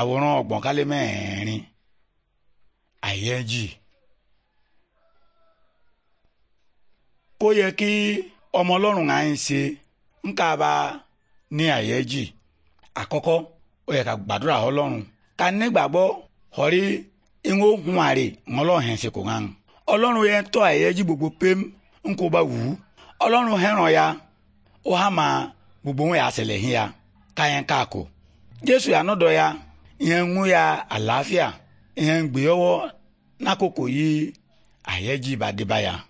àwòrán ọgbọ̀n kálé mẹ́rin àyẹ́jì kó yẹ kí ọmọ ọlọ́run à ń ṣe ń ká bá ní àyẹ́jì àkọ́kọ́ ó yẹ ká gbàdúrà ọlọ́run ká nígbàgbọ́ ọ̀rí ìwọ hun àrè ńlọ́hìn ṣe kò hàn gbogbo pé ń bá wù ú ọlọ́run hẹ́ràn ya ó gbogbo wọn yà ya ká yẹn káàkó jésù yà nọ́dọ̀ ya. ìyẹn ń ya àlàáfíà ìyẹn ń gbé ọwọ́ lákòókò yìí àyẹ́jì bá